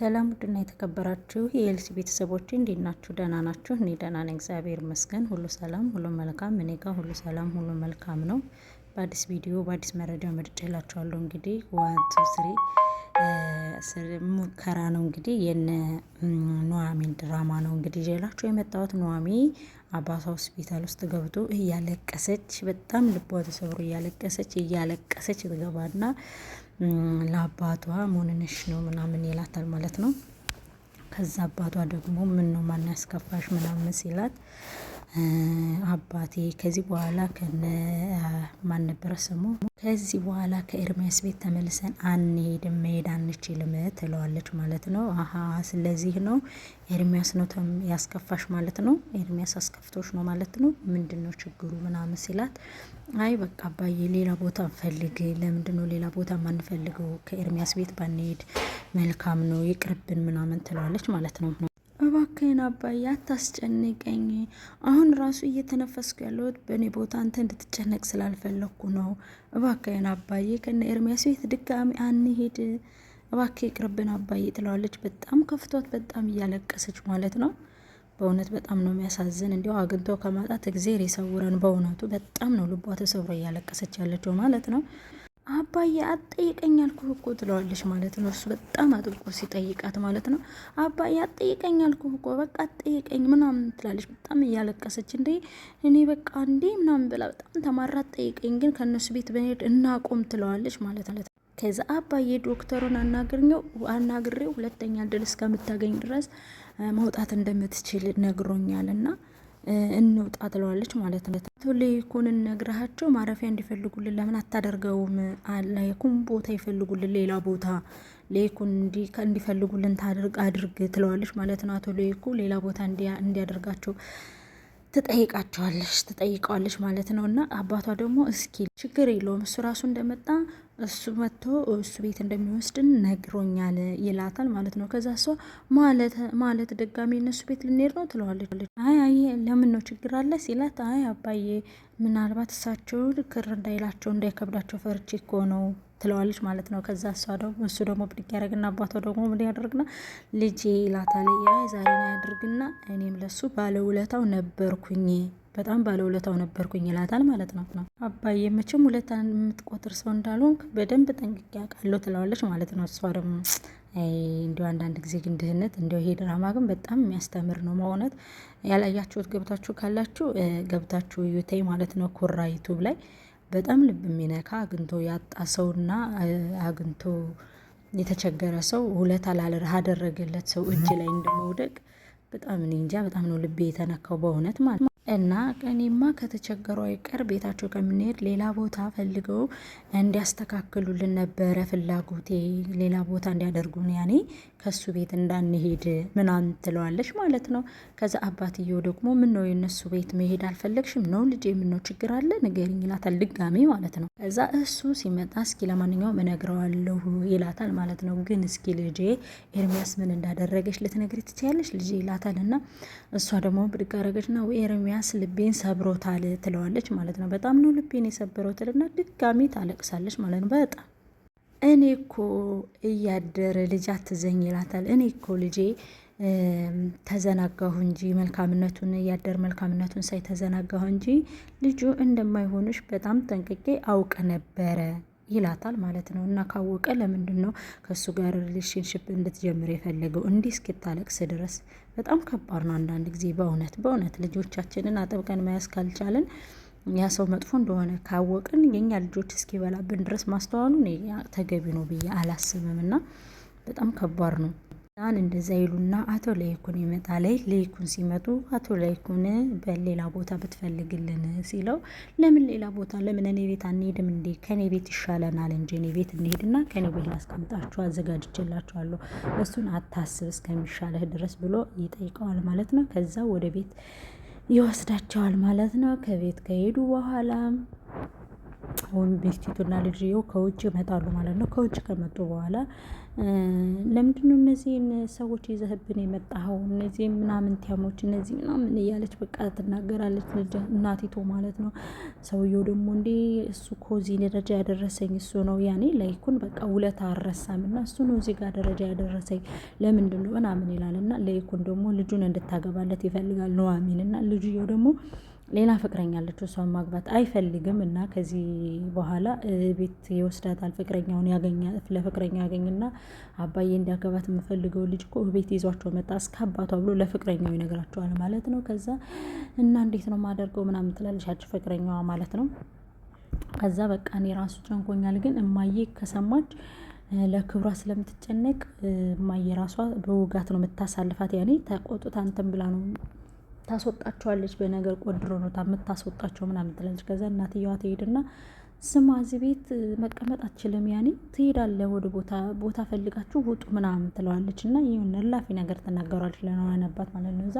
ሰላም ውድና የተከበራችሁ የኤልሲ ቤተሰቦች እንዴት ናችሁ? ደህና ናችሁ? እኔ ደህና ነኝ፣ እግዚአብሔር ይመስገን። ሁሉ ሰላም፣ ሁሉ መልካም። እኔ ጋር ሁሉ ሰላም፣ ሁሉ መልካም ነው። በአዲስ ቪዲዮ በአዲስ መረጃ መርጬ ላችኋለሁ። እንግዲህ ዋን ቱ ስሪ ሙከራ ነው እንግዲህ የነ ኑሐሚን ድራማ ነው እንግዲህ ይዤላችሁ የመጣሁት። ኑሐሚ አባቷ ሆስፒታል ውስጥ ገብቶ እያለቀሰች በጣም ልቧ ተሰብሮ እያለቀሰች እያለቀሰች ትገባና ለአባቷ መሆንንሽ ነው ምናምን ይላታል ማለት ነው። ከዛ አባቷ ደግሞ ምን ነው ማን ያስከፋሽ ምናምን ሲላት አባቴ ከዚህ በኋላ ከነ ማን ነበረ ስሙ ከዚህ በኋላ ከኤርሚያስ ቤት ተመልሰን አንሄድም፣ መሄድ አንችልም ትለዋለች ማለት ነው። አሀ ስለዚህ ነው ኤርሚያስ ነው ያስከፋሽ ማለት ነው፣ ኤርሚያስ አስከፍቶች ነው ማለት ነው። ምንድን ነው ችግሩ ምናምን ሲላት፣ አይ በቃ አባዬ ሌላ ቦታ እንፈልግ። ለምንድን ነው ሌላ ቦታ ማንፈልገው? ከኤርሚያስ ቤት ባንሄድ መልካም ነው፣ ይቅርብን ምናምን ትለዋለች ማለት ነው። እባክህን አባዬ አታስጨንቀኝ። አሁን ራሱ እየተነፈስኩ ያለሁት በእኔ ቦታ አንተ እንድትጨነቅ ስላልፈለግኩ ነው። እባክህን አባዬ ከነ ኤርሚያስ ቤት ድጋሚ አንሄድ፣ እባክህ ይቅርብን አባዬ ትለዋለች። በጣም ከፍቷት፣ በጣም እያለቀሰች ማለት ነው። በእውነት በጣም ነው የሚያሳዝን። እንዲሁ አግኝቶ ከማጣት እግዜር ይሰውረን። በእውነቱ በጣም ነው ልቧ ተሰብሮ እያለቀሰች ያለችው ማለት ነው። አባዬ አትጠይቀኝ አልኩህ እኮ ትለዋለች ማለት ነው። እሱ በጣም አጥብቆ ሲጠይቃት ማለት ነው። አባዬ አትጠይቀኝ አልኩህ እኮ በቃ አጠይቀኝ ምናምን ትላለች። በጣም እያለቀሰች እንዴ እኔ በቃ እንዴ ምናምን ብላ በጣም ተማራ አትጠይቀኝ ግን ከእነሱ ቤት በሄድ እናቆም ትለዋለች ማለት ነው። ከዛ አባዬ ዶክተሩን አናግሬው አናግሬው ሁለተኛ ድል እስከምታገኝ ድረስ መውጣት እንደምትችል ነግሮኛል እና እንውጣ ትለዋለች ማለት ነው። አቶ ለይኩን ነግረሃቸው ማረፊያ እንዲፈልጉልን ለምን አታደርገውም? ለይኩም ቦታ ይፈልጉልን፣ ሌላ ቦታ ለይኩን እንዲፈልጉልን ታድርግ አድርግ ትለዋለች ማለት ነው። አቶ ለይኩ ሌላ ቦታ እንዲያደርጋቸው ትጠይቃቸዋለች ትጠይቀዋለች ማለት ነው። እና አባቷ ደግሞ እስኪ ችግር የለውም እሱ ራሱ እንደመጣ እሱ መጥቶ እሱ ቤት እንደሚወስድን ነግሮኛል ይላታል ማለት ነው። ከዛ እሷ ማለት ደጋሚ እነሱ ቤት ልንሄድ ነው ትለዋለች። አይ አይ ለምን ነው ችግር አለ ሲላት፣ አይ አባዬ ምናልባት እሳቸው ክር እንዳይላቸው እንዳይከብዳቸው ፈርቼ እኮ ነው ትለዋለች ማለት ነው። ከዛ እሷ ደግሞ እሱ ደግሞ ብድግ ያደረግና አባቷ ደግሞ ምን ያደርግና ልጄ ይላታል። ያ ዛሬ ያደርግና እኔም ለሱ ባለውለታው ነበርኩኝ በጣም ባለውለታው ነበርኩኝ ይላታል ማለት ነው። አባዬ መቼም ሁለት የምትቆጥር ሰው እንዳልሆንክ በደንብ ጠንቅቄ አውቃለሁ ትለዋለች ማለት ነው። እሷ ደግሞ እንዲሁ አንዳንድ ጊዜ ግን ድህነት እንዲሁ ይሄ ድራማ ግን በጣም የሚያስተምር ነው። መሆነት ያላያችሁት ገብታችሁ ካላችሁ ገብታችሁ ዩቴ ማለት ነው ኩራ ዩቱብ ላይ በጣም ልብ የሚነካ አግኝቶ ያጣ ሰውና አግኝቶ የተቸገረ ሰው ሁለት አላልርህ አደረገለት ሰው እጅ ላይ እንደመውደቅ በጣም እኔ እንጃ በጣም ነው ልቤ የተነካው በእውነት ማለት ነው። እና እኔማ ከተቸገሩ አይቀር ቤታቸው ከምንሄድ ሌላ ቦታ ፈልገው እንዲያስተካክሉልን ነበረ ፍላጎቴ፣ ሌላ ቦታ እንዲያደርጉን ያኔ ከሱ ቤት እንዳንሄድ ምናምን ትለዋለች ማለት ነው። ከዛ አባትየው ደግሞ ምን ነው የነሱ ቤት መሄድ አልፈለግሽም ነው ልጄ? ምን ነው ችግር አለ ንገሪኝ ይላታል ድጋሜ ማለት ነው። ከዛ እሱ ሲመጣ እስኪ ለማንኛውም እነግረዋለሁ ይላታል ማለት ነው። ግን እስኪ ልጄ ኤርሚያስ ምን እንዳደረገች ልትነግሪ ትችያለሽ ልጄ ይላታል እና እሷ ደግሞ ብድግ አረገችና ወይ ኤርሚያ ኤርሚያስ ልቤን ሰብሮታል ትለዋለች ማለት ነው። በጣም ነው ልቤን የሰበረው ትልና ድጋሚ ታለቅሳለች ማለት ነው። በጣም እኔ እኮ እያደረ ልጅ አትዘኝ ይላታል። እኔ እኮ ልጄ ተዘናጋሁ እንጂ መልካምነቱን እያደር መልካምነቱን ሳይ ተዘናጋሁ እንጂ ልጁ እንደማይሆንሽ በጣም ጠንቅቄ አውቅ ነበረ ይላታል ማለት ነው። እና ካወቀ ለምንድን ነው ከእሱ ጋር ሪሌሽንሽፕ እንድትጀምር የፈለገው? እንዲህ እስክታለቅስ ድረስ በጣም ከባድ ነው አንዳንድ ጊዜ በእውነት በእውነት ልጆቻችንን አጥብቀን መያዝ ካልቻልን ያ ሰው መጥፎ እንደሆነ ካወቅን የኛ ልጆች እስኪበላብን ድረስ ማስተዋሉን ተገቢ ነው ብዬ አላስብም። እና በጣም ከባድ ነው። ያን እንደዛ ይሉና አቶ ለይኩን ይመጣ ላይ ለይኩን ሲመጡ አቶ ለይኩን በሌላ ቦታ ብትፈልግልን ሲለው ለምን ሌላ ቦታ ለምን እኔ ቤት አንሄድም እንዴ? ከኔ ቤት ይሻለናል እንጂ እኔ ቤት እንሄድና ከኔ ቤት ላስቀምጣችሁ አዘጋጅቼላችኋለሁ፣ እሱን አታስብ እስከሚሻለህ ድረስ ብሎ ይጠይቀዋል ማለት ነው። ከዛ ወደ ቤት ይወስዳቸዋል ማለት ነው። ከቤት ከሄዱ በኋላ አሁን ሚስቲቱና ልጅየው ከውጭ ይመጣሉ ማለት ነው። ከውጭ ከመጡ በኋላ ለምንድነው እነዚህን ሰዎች ይዘህብን የመጣኸው? እነዚህ ምናምን ቲያሞች እነዚህ ምናምን እያለች በቃ ትናገራለች እናቲቶ ማለት ነው። ሰውየው ደግሞ እንዴ እሱ ኮዚ ደረጃ ያደረሰኝ እሱ ነው። ያኔ ላይኩን በቃ ውለት አረሳም እና እሱ ነው እዚህ ጋር ደረጃ ያደረሰኝ ለምንድን ነው ምናምን ይላል እና ላይኩን ደግሞ ልጁን እንድታገባለት ይፈልጋል ኑሐሚን እና ልጅየው ደግሞ ሌላ ፍቅረኛ አለችው እሷን ማግባት አይፈልግም እና ከዚህ በኋላ ቤት ይወስዳታል። ፍቅረኛውን ለፍቅረኛ ያገኝና አባዬ እንዲያገባት የምፈልገው ልጅ እኮ ቤት ይዟቸው መጣ እስከ አባቷ ብሎ ለፍቅረኛው ይነግራቸዋል ማለት ነው። ከዛ እና እንዴት ነው ማደርገው ምናምን ትላለች ያች ፍቅረኛዋ ማለት ነው። ከዛ በቃ እኔ ራሱ ጨንቆኛል፣ ግን እማዬ ከሰማች ለክብሯ ስለምትጨነቅ እማዬ ራሷ በውጋት ነው የምታሳልፋት። ያኔ ተቆጡት አንተን ብላ ነው ታስወጣቸዋለች። በነገር ቆድሮ ነው የምታስወጣቸው ምናምን ትላለች። ከዛ እናትየዋ ትሄድና ስማ እዚህ ቤት መቀመጥ አትችልም፣ ያኔ ትሄዳለህ ወደ ቦታ ቦታ ፈልጋችሁ ውጡ ምናምን ትለዋለች እና ይሁን እላፊ ነገር ትናገሯለች ለነዋን አባት ማለት ነው። እዛ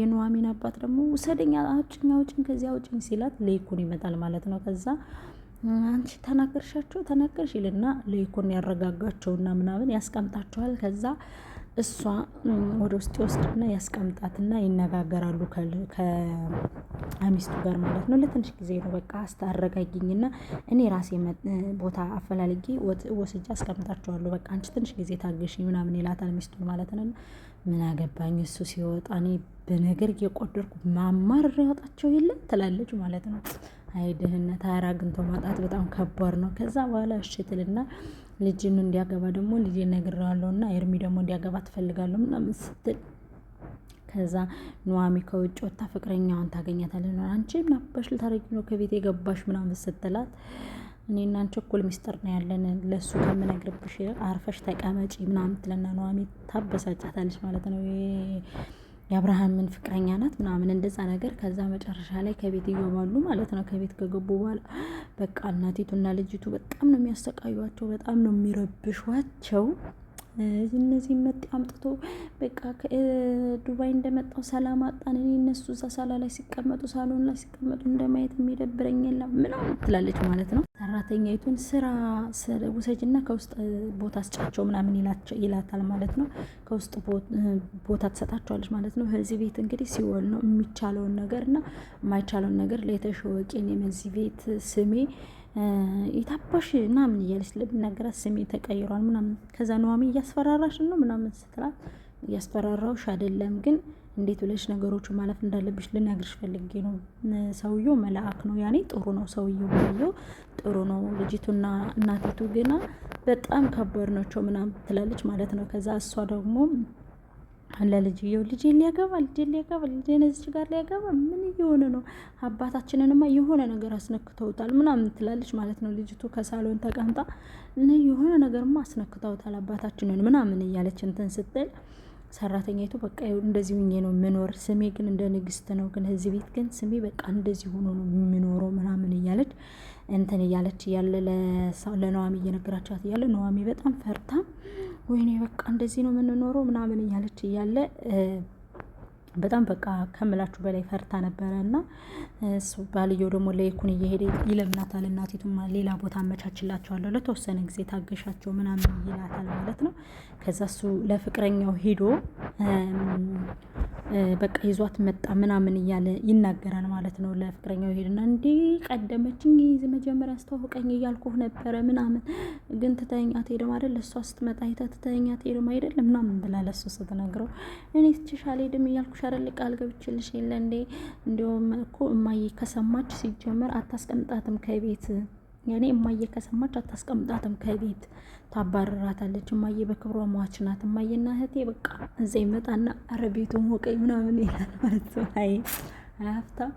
የነዋሚን አባት ደግሞ ውሰደኛ አውጭኝ፣ አውጭኝ ከዚያ አውጭኝ ሲላት ለይኩን ይመጣል ማለት ነው። ከዛ አንቺ ተናገርሻቸው ተናገርሽ ይልና ለይኩን ያረጋጋቸውና ምናምን ያስቀምጣቸዋል ከዛ እሷ ወደ ውስጥ ይወስድና ያስቀምጣትና ይነጋገራሉ ከሚስቱ ጋር ማለት ነው። ለትንሽ ጊዜ ነው በቃ አስታረጋጊኝና እኔ ራሴ ቦታ አፈላልጌ ወስጃ አስቀምጣቸዋለሁ። በቃ አንቺ ትንሽ ጊዜ ታገሽኝ ምናምን ይላታል ሚስቱን ማለት ነው። ምን አገባኝ እሱ ሲወጣ እኔ በነገር እየቆደርኩ ማማር ያወጣቸው የለም ትላለች ማለት ነው። አይ ድህነት አራግንቶ ማጣት በጣም ከባድ ነው። ከዛ በኋላ እሽትልና ልጅን እንዲያገባ ደግሞ ልጅ ነግረዋለሁ እና ኤርሚ ደግሞ እንዲያገባ ትፈልጋለሁ ምናምን ስትል ከዛ ኑዋሚ ከውጭ ወታ ፍቅረኛዋን ታገኛታለች። ነ አንቺ ምናባሽ አባሽ ልታረጊ ነው ከቤት የገባሽ ምናምን ስትላት እኔና አንቺ እኩል ሚስጥር ነው ያለን ለእሱ ከምነግርብሽ አርፈሽ ተቀመጪ ምናምን ትለና ኑዋሚ ታበሳጫታለች ማለት ነው። የአብርሃምን ፍቅረኛ ናት ምናምን እንደዛ ነገር። ከዛ መጨረሻ ላይ ከቤት እየዋሉ ማለት ነው። ከቤት ከገቡ በኋላ በቃ እናቲቱና ልጅቱ በጣም ነው የሚያሰቃዩቸው፣ በጣም ነው የሚረብሿቸው። እነዚህ መጤ አምጥቶ በቃ ዱባይ እንደመጣው ሰላም አጣን። እኔ እነሱ እዛ ሳላ ላይ ሲቀመጡ ሳሎን ላይ ሲቀመጡ እንደማየት የሚደብረኝ የለም ምናምን ትላለች ማለት ነው። ሰራተኛይቱን ስራ ውሰጅና ከውስጥ ቦታ ስጫቸው ምናምን ይላታል ማለት ነው። ከውስጥ ቦታ ትሰጣቸዋለች ማለት ነው። ከዚህ ቤት እንግዲህ ሲወል ነው የሚቻለውን ነገር እና የማይቻለውን ነገር ለተሸወቂን እኔም ቤት ስሜ የታባሽ ምናምን እያለች ስለምናገራት ስሜ ተቀይሯል ምናምን። ከዛ ነዋሚ እያስፈራራሽ ነው ምናምን ስትላት እያስፈራራውሽ አይደለም፣ ግን እንዴት ብለሽ ነገሮቹ ማለፍ እንዳለብሽ ልነግርሽ ፈልጌ ነው። ሰውየው መልአክ ነው፣ ያኔ ጥሩ ነው። ሰውየው ባየው ጥሩ ነው። ልጅቱና እናቲቱ ግና በጣም ከባድ ናቸው ምናምን ትላለች ማለት ነው። ከዛ እሷ ደግሞ ለልጅየው ልጄ ሊያገባ ልጄ ሊያገባ ልጄ ነዚች ጋር ሊያገባ ምን እየሆነ ነው? አባታችንንማ የሆነ ነገር አስነክተውታል ምናምን ትላለች ማለት ነው። ልጅቱ ከሳሎን ተቀምጣ የሆነ ነገርማ አስነክተውታል አባታችንን ምናምን እያለች እንትን ስትል ሰራተኛይቱ በቃ እንደዚህ ሁኜ ነው የምኖር፣ ስሜ ግን እንደ ንግስት ነው፣ ግን እዚህ ቤት ግን ስሜ በቃ እንደዚህ ሆኖ ነው የምኖረው ምናምን እያለች እንትን እያለች እያለ ለነዋሚ እየነገራቸዋት እያለ ነዋሚ በጣም ፈርታም። ወይኔ በቃ እንደዚህ ነው የምንኖረው ምናምን እያለች እያለ በጣም በቃ ከምላችሁ በላይ ፈርታ ነበረ እና ባልየው ደግሞ ለይኩን እየሄደ ይለምናታል። እናቲቱም ሌላ ቦታ አመቻችላቸዋለሁ ለተወሰነ ጊዜ ታገሻቸው ምናምን ይላታል ማለት ነው። ከዛ እሱ ለፍቅረኛው ሄዶ በቃ ይዟት መጣ ምናምን እያለ ይናገራል ማለት ነው። ለፍቅረኛው ሄድና እንዲህ ቀደመችኝ ይህ መጀመሪያ አስተዋውቀኝ እያልኩህ ነበረ ምናምን ግን ትተኛ አትሄድም አይደል? እሷ ስትመጣ ይተ ትተኛ አትሄድም አይደል? ምናምን ብላ ስትነግረው እኔ ትችሽ አልሄድም እያልኩሽ አይደል ቃል ገብቼልሽ የለ እንዴ? እንዲሁም እኮ እማዬ ከሰማች ሲጀመር አታስቀምጣትም ከቤት ያኔ እማዬ ከሰማች አታስቀምጣትም ከቤት ታባረራታለች። እማዬ በክብሯ ሟች ናት። እማዬና እህቴ በቃ እዛ ይመጣና ኧረ ቤቱን ሞቀኝ ምናምን ይላል ማለት ነው። አይ አያፍታም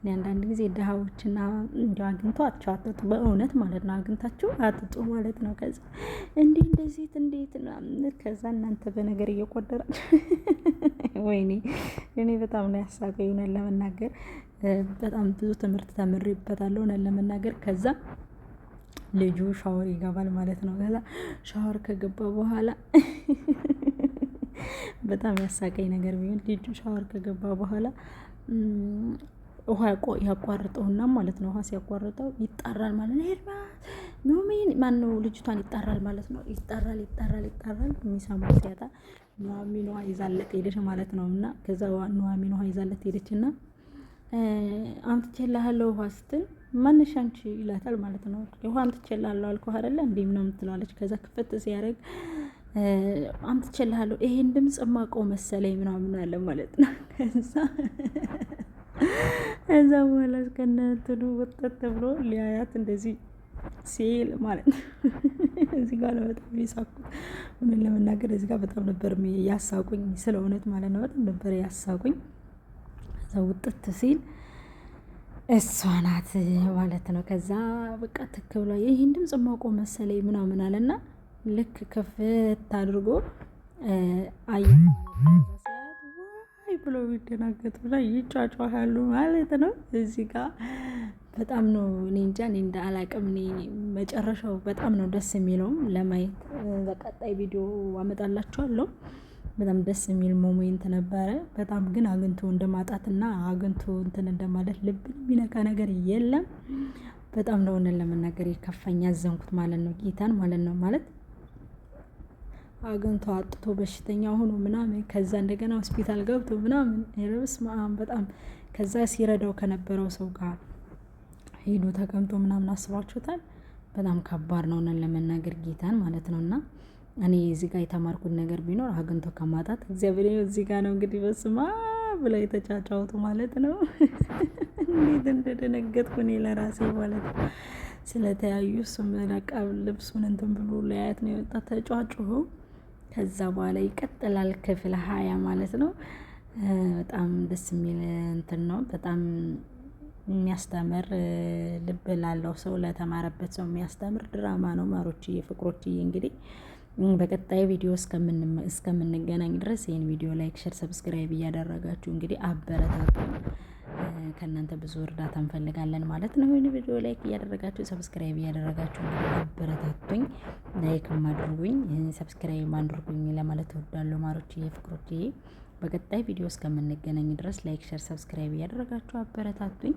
እኔ አንዳንድ ጊዜ ድሃዎችና እንዲያው አግኝቷቸው አትጡ፣ በእውነት ማለት ነው። አግኝታችሁ አትጡ ማለት ነው። ከዛ እንዲህ እንደዚህት እንዴት ከዛ እናንተ በነገር እየቆደራል ወይኔ እኔ በጣም ነው ያሳቀኝ። እውነት ለመናገር በጣም ብዙ ትምህርት ተምሬበታለሁ። እውነት ለመናገር ከዛ ልጁ ሻወር ይገባል ማለት ነው። ከዛ ሻወር ከገባ በኋላ በጣም ያሳቀኝ ነገር ቢሆን ልጁ ሻወር ከገባ በኋላ ውሃ ያቋርጠውና ማለት ነው። ውሃ ሲያቋርጠው ይጣራል ማለት ነው። ሄድማ ኖሜን ማነው ልጅቷን ይጣራል ማለት ነው። ይጣራል ይጣራል ይጣራል የሚሰማው ሲያጣ ኑሐሚን ውሃ ይዛለት ሄደች ማለት ነው። እና ከዛ ኑሐሚን ውሃ ይዛለት ሄደች እና አምጥቼልሃለሁ ውሃ ስትል ማንሽ አንቺ ይላታል ማለት ነው። ውሃ አምጥቼልሃለሁ አልኩህ አይደለ እንዴ ምናምን ትለዋለች። ከዛ ክፍት ሲያደርግ አምጥቼልሃለሁ ይሄን ድምፅ ማውቀው መሰለኝ ምናምን አለ ማለት ነው። ከዛ እዛ በኋላ እስከነ እንትኑ ወጥተት ተብሎ ሊያያት እንደዚህ ሲል ማለት ነው እዚህ ጋር በጣም የሳኩት ምን ለመናገር እዚህ ጋር በጣም ነበር ያሳቁኝ፣ ስለ እውነት ማለት ነው። በጣም ነበር ያሳቁኝ። እዛ ውጥት ሲል እሷ ናት ማለት ነው። ከዛ በቃ ትክ ብሏ ይህን ድምፅ ማውቆ መሰለኝ ምናምን አለና ልክ ክፍት አድርጎ አየ ብሎ የሚደናገጡና ይጫጫሃሉ ማለት ነው። እዚህ ጋር በጣም ነው እኔ እንጃ እኔ እንደ አላቅም። እኔ መጨረሻው በጣም ነው ደስ የሚለውም ለማየት በቀጣይ ቪዲዮ አመጣላችኋለሁ። በጣም ደስ የሚል ሞሜንት ነበረ። በጣም ግን አግኝቶ እንደማጣትና አግኝቶ እንትን እንደማለት ልብን የሚነካ ነገር የለም። በጣም ለሆነን ለመናገር የከፋኝ ያዘንኩት ማለት ነው ጌታን ማለት ነው ማለት አግኝቶ አጥቶ በሽተኛ ሆኖ ምናምን ከዛ እንደገና ሆስፒታል ገብቶ ምናምን ረብስ ማም በጣም ከዛ ሲረዳው ከነበረው ሰው ጋር ሄዶ ተቀምጦ ምናምን አስባችሁታል። በጣም ከባድ ነው ለመናገር ጌታን ማለት ነው እና እኔ እዚህ ጋር የተማርኩት ነገር ቢኖር አግኝቶ ከማጣት እግዚአብሔር እዚህ ጋር ነው እንግዲህ በስማ ብላ የተጫጫውቱ ማለት ነው። እንዴት እንደደነገጥኩ እኔ ለራሴ ማለት ነው። ስለተያዩ እሱም ልብሱን እንትን ብሎ ለያየት ነው የወጣ ተጫጭሁ ከዛ በኋላ ይቀጥላል ክፍል ሀያ ማለት ነው። በጣም ደስ የሚል እንትን ነው። በጣም የሚያስተምር ልብ ላለው ሰው ለተማረበት ሰው የሚያስተምር ድራማ ነው። ማሮችዬ ፍቅሮችዬ እንግዲህ በቀጣይ ቪዲዮ እስከምንገናኝ ድረስ ይህን ቪዲዮ ላይክ፣ ሸር፣ ሰብስክራይብ እያደረጋችሁ እንግዲህ አበረታቱ። ከእናንተ ብዙ እርዳታ እንፈልጋለን ማለት ነው። ይህን ቪዲዮ ላይክ እያደረጋችሁ ሰብስክራይብ እያደረጋችሁ አበረታቱኝ። ላይክ ማድርጉኝ፣ ሰብስክራይብ ማድርጉኝ ለማለት እወዳለሁ። ፍቅሮች ፍቅሮችዬ በቀጣይ ቪዲዮ እስከምንገናኝ ድረስ ላይክ፣ ሸር፣ ሰብስክራይብ እያደረጋችሁ አበረታቱኝ።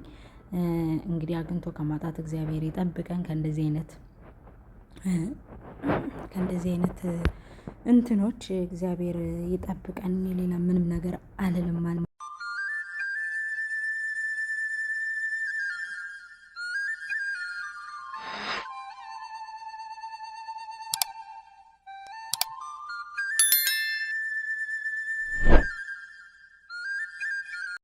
እንግዲህ አግኝቶ ከማጣት እግዚአብሔር ይጠብቀን ከእንደዚህ አይነት ከእንደዚህ አይነት እንትኖች እግዚአብሔር ይጠብቀን። ሌላ ምንም ነገር አልልም።